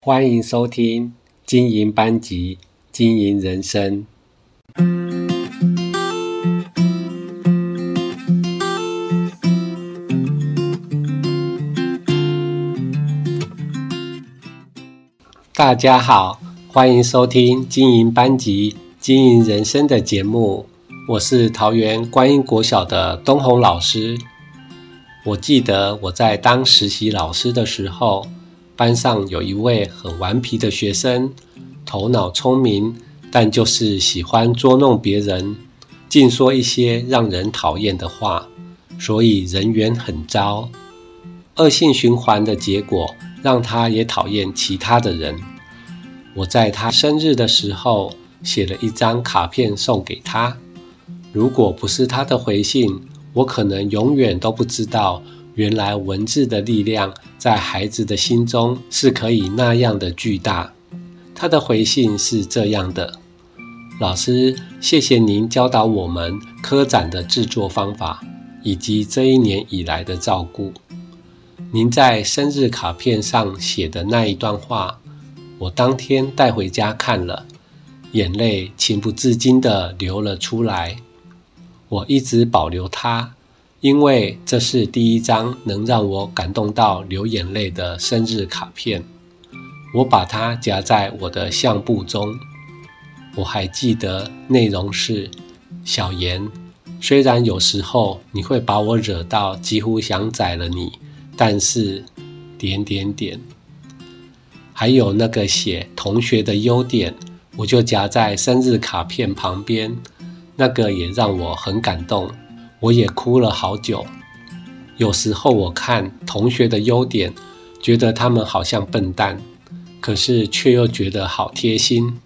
歡迎收聽《經營班級，經營人生》。大家好，歡迎收聽《經營班級，經營人生》的節目。我是桃園觀音國小的東紅老師。我記得我在當實習老師的時候，班上有一位很頑皮的學生，頭腦聰明，但就是喜歡捉弄別人，盡說一些讓人討厭的話，所以人緣很糟。惡性循環的結果，讓他也討厭其他的人。我在他生日的時候寫了一張卡片送給他，如果不是他的回信，我可能永遠都不知道原來文字的力量。在孩子的心中是可以那樣的巨大。他的回信是這樣的：“老師，謝謝您教導我們科展的制作方法，以及這一年以來的照顧。您在生日卡片上寫的那一段話，我當天帶回家看了，眼淚情不自禁地流了出來。我一直保留它。”因為這是第一張能讓我感動到流眼淚的生日卡片，我把它夾在我的相簿中。我還記得內容是：小妍，雖然有時候你會把我惹到幾乎想宰了你，但是點點點。還有那個寫同學的優點，我就夾在生日卡片旁邊，那個也讓我很感動。我也哭了好久。有時候我看同學的優點，覺得他們好像笨蛋，可是卻又覺得好貼心。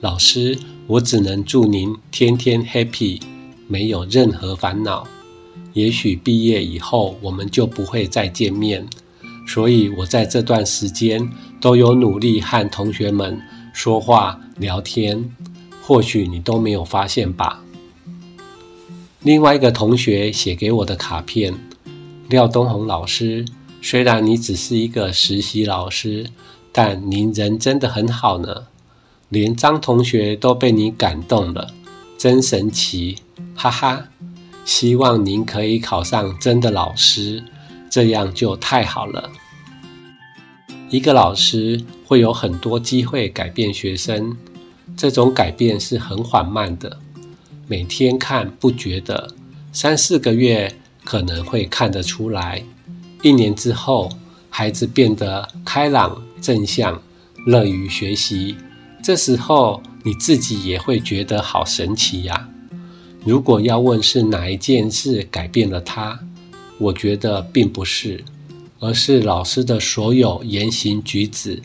老師，我只能祝您天天 happy，沒有任何煩惱。也許畢業以後我們就不會再見面，所以我在這段時間都有努力和同學們說話聊天，或許你都沒有發現吧。另外一個同學寫給我的卡片，廖東紅老師，雖然你只是一個實習老師，但您人真的很好呢，連張同學都被你感動了，真神奇，哈哈！希望您可以考上真的老師，這樣就太好了。一個老師會有很多機會改變學生，這種改變是很緩慢的。每天看不覺得，三四個月可能會看得出來。一年之後，孩子變得開朗、正向、樂於學習。這時候你自己也會覺得好神奇呀、啊！如果要問是哪一件事改變了他，我覺得並不是，而是老師的所有言行舉止，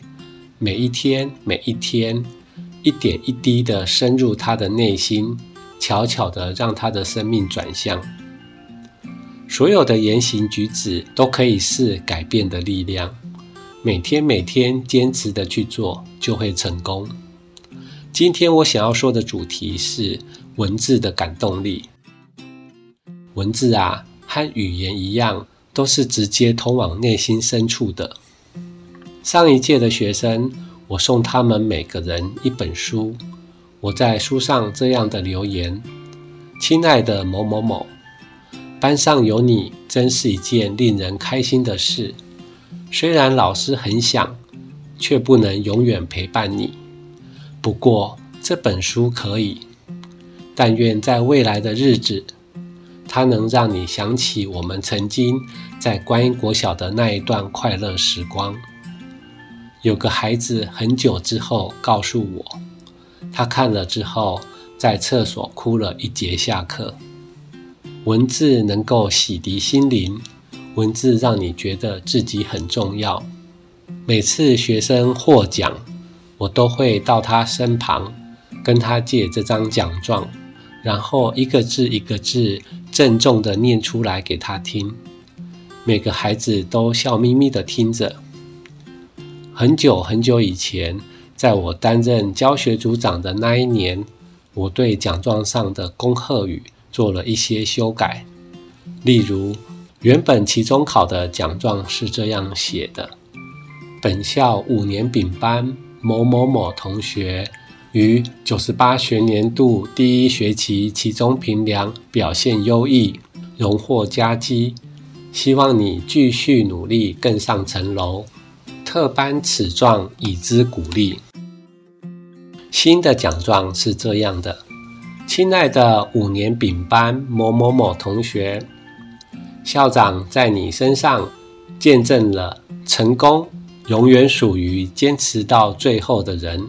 每一天每一天，一點一滴地深入他的內心。悄悄的讓他的生命轉向，所有的言行舉止都可以是改變的力量。每天每天堅持的去做，就會成功。今天我想要說的主題是文字的感動力。文字啊，和語言一樣，都是直接通往內心深處的。上一屆的學生，我送他們每個人一本書。我在書上這樣的留言：“親愛的某某某，班上有你真是一件令人開心的事。雖然老師很想，卻不能永遠陪伴你。不過這本書可以，但願在未來的日子，它能讓你想起我們曾經在觀音國小的那一段快樂時光。”有個孩子很久之後告訴我。他看了之後，在廁所哭了一節下課。文字能夠洗滌心靈，文字讓你覺得自己很重要。每次學生獲獎，我都會到他身旁，跟他借這張獎狀，然後一個字一個字鄭重地念出來給他聽。每個孩子都笑眯眯地聽着。很久很久以前。在我擔任教學組長的那一年，我對獎狀上的恭賀語做了一些修改。例如，原本期中考的獎狀是這樣寫的：“本校五年丙班某某某同學於九十八學年度第一學期期中評量表現優異，榮獲佳績。希望你繼續努力，更上層樓。特頒此狀，以資鼓勵。”新的獎狀是這樣的，親愛的五年丙班某某某同學，校長在你身上見證了成功永遠屬於堅持到最後的人，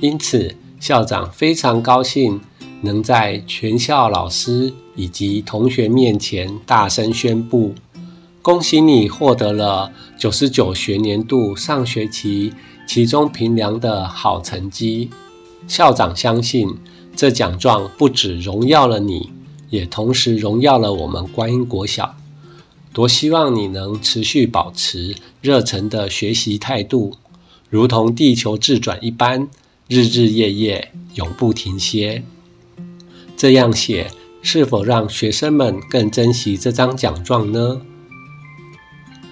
因此校長非常高興能在全校老師以及同學面前大聲宣布，恭喜你獲得了九十九學年度上學期期中評量的好成績。校長相信，這獎狀不只榮耀了你，也同時榮耀了我們觀音國小。多希望你能持續保持熱忱的學習態度，如同地球自轉一般，日日夜夜永不停歇。這樣寫是否讓學生們更珍惜這張獎狀呢？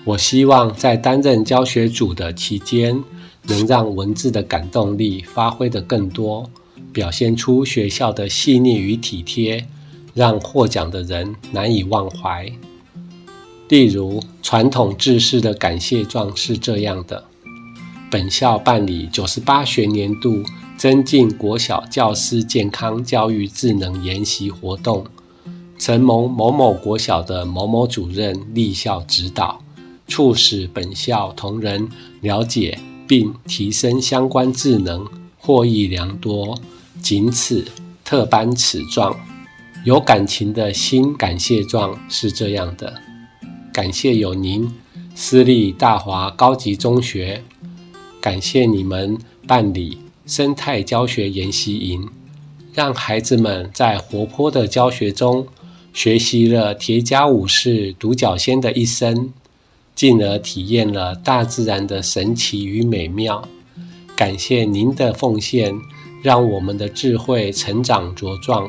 我希望在擔任教學組的期間，能讓文字的感動力發揮得更多，表現出學校的細膩與體貼，讓獲獎的人難以忘懷。例如，傳統製式的感謝狀是這樣的：本校辦理九十八學年度增進國小教師健康教育智能研習活動，承蒙某某國小的某某主任蒞校指導，促使本校同仁了解。並提升相關智能，獲益良多。謹此，特頒此狀。有感情的心，感謝狀是這樣的：感謝有您，私立大華高級中學，感謝你們辦理生態教學研習營，讓孩子們在活潑的教學中學習了鐵甲武士獨角仙的一生。進而體驗了大自然的神奇與美妙，感謝您的奉獻，讓我們的智慧成長茁壯。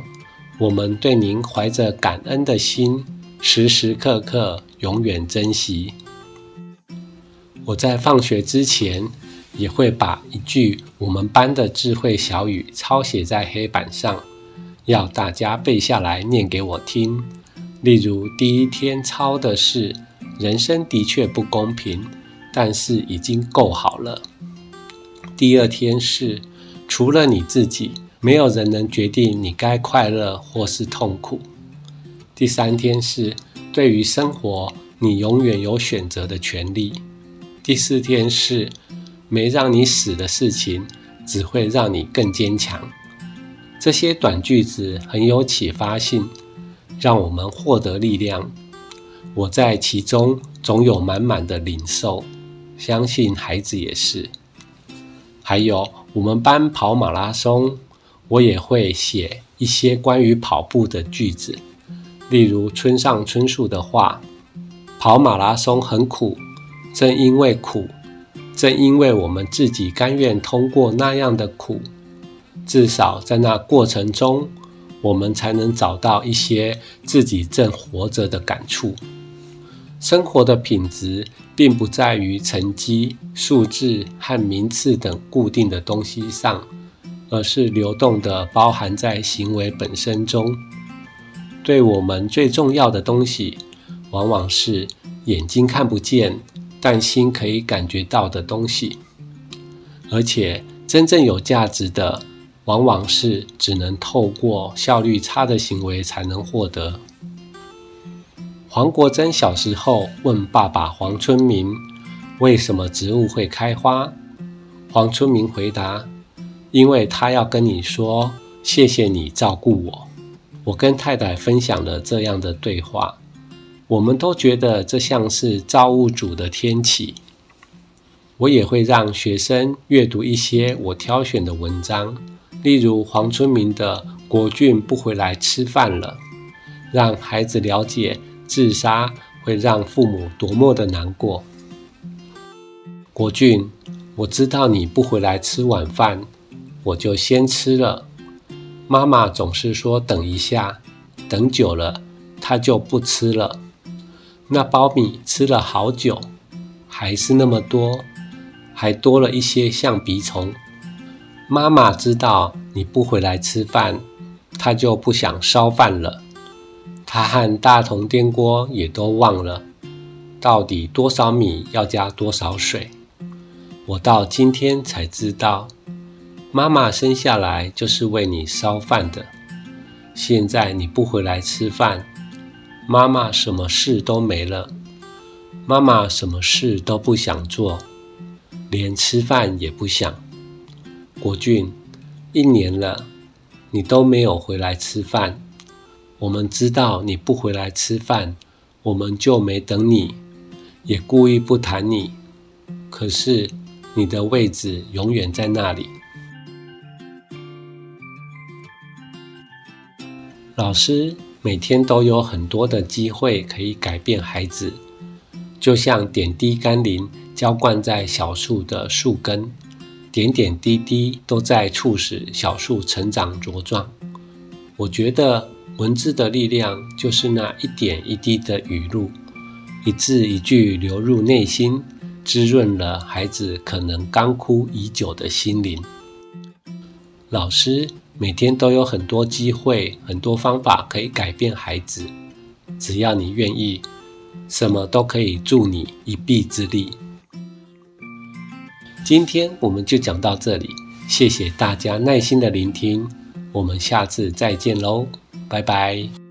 我們對您懷着感恩的心，時時刻刻永遠珍惜。我在放學之前也會把一句我們班的智慧小語抄寫在黑板上，要大家背下來念給我聽。例如第一天抄的是。人生的確不公平，但是已經夠好了。第二天是，除了你自己，沒有人能決定你該快樂或是痛苦。第三天是，對於生活，你永遠有選擇的權利。第四天是，沒讓你死的事情，只會讓你更堅強。這些短句子很有啟發性，讓我們獲得力量。我在其中總有滿滿的領受，相信孩子也是。還有我們班跑馬拉松，我也會寫一些關於跑步的句子，例如村上春樹的話：“跑馬拉松很苦，正因為苦，正因為我們自己甘願通過那樣的苦，至少在那過程中，我們才能找到一些自己正活着的感觸。”生活的品質並不在於成績、數字和名次等固定的東西上，而是流動的，包含在行為本身中。對我們最重要的東西，往往是眼睛看不見，但心可以感覺到的東西。而且，真正有價值的，往往是只能透過效率差的行為才能獲得。黃國珍小時候問爸爸黃春明：“為什麼植物會開花？”黃春明回答：“因為他要跟你說謝謝你照顧我。”我跟太太分享了這樣的對話，我們都覺得這像是造物主的天啟。我也會讓學生閱讀一些我挑選的文章，例如黃春明的《國峻不回來吃飯了》，讓孩子了解。自殺會讓父母多麼的難過，國俊，我知道你不回來吃晚飯，我就先吃了。媽媽總是說等一下，等久了她就不吃了。那苞米吃了好久，還是那麼多，還多了一些象鼻蟲。媽媽知道你不回來吃飯，她就不想燒飯了。他和大同電鍋也都忘了，到底多少米要加多少水？我到今天才知道，媽媽生下來就是為你燒飯的。現在你不回來吃飯，媽媽什麼事都沒了，媽媽什麼事都不想做，連吃飯也不想。國俊，一年了，你都沒有回來吃飯。我們知道你不回來吃飯，我們就沒等你，也故意不談你。可是你的位置永遠在那裡。老師每天都有很多的機會可以改變孩子，就像點滴甘霖澆灌在小樹的樹根，點點滴滴都在促使小樹成長茁壯。我覺得。文字的力量，就是那一點一滴的雨露，一字一句流入內心，滋潤了孩子可能乾枯已久的心靈。老師每天都有很多機會、很多方法可以改變孩子，只要你願意，什麼都可以助你一臂之力。今天我們就講到這裡，謝謝大家耐心的聆聽。我們下次再見嘍，拜拜。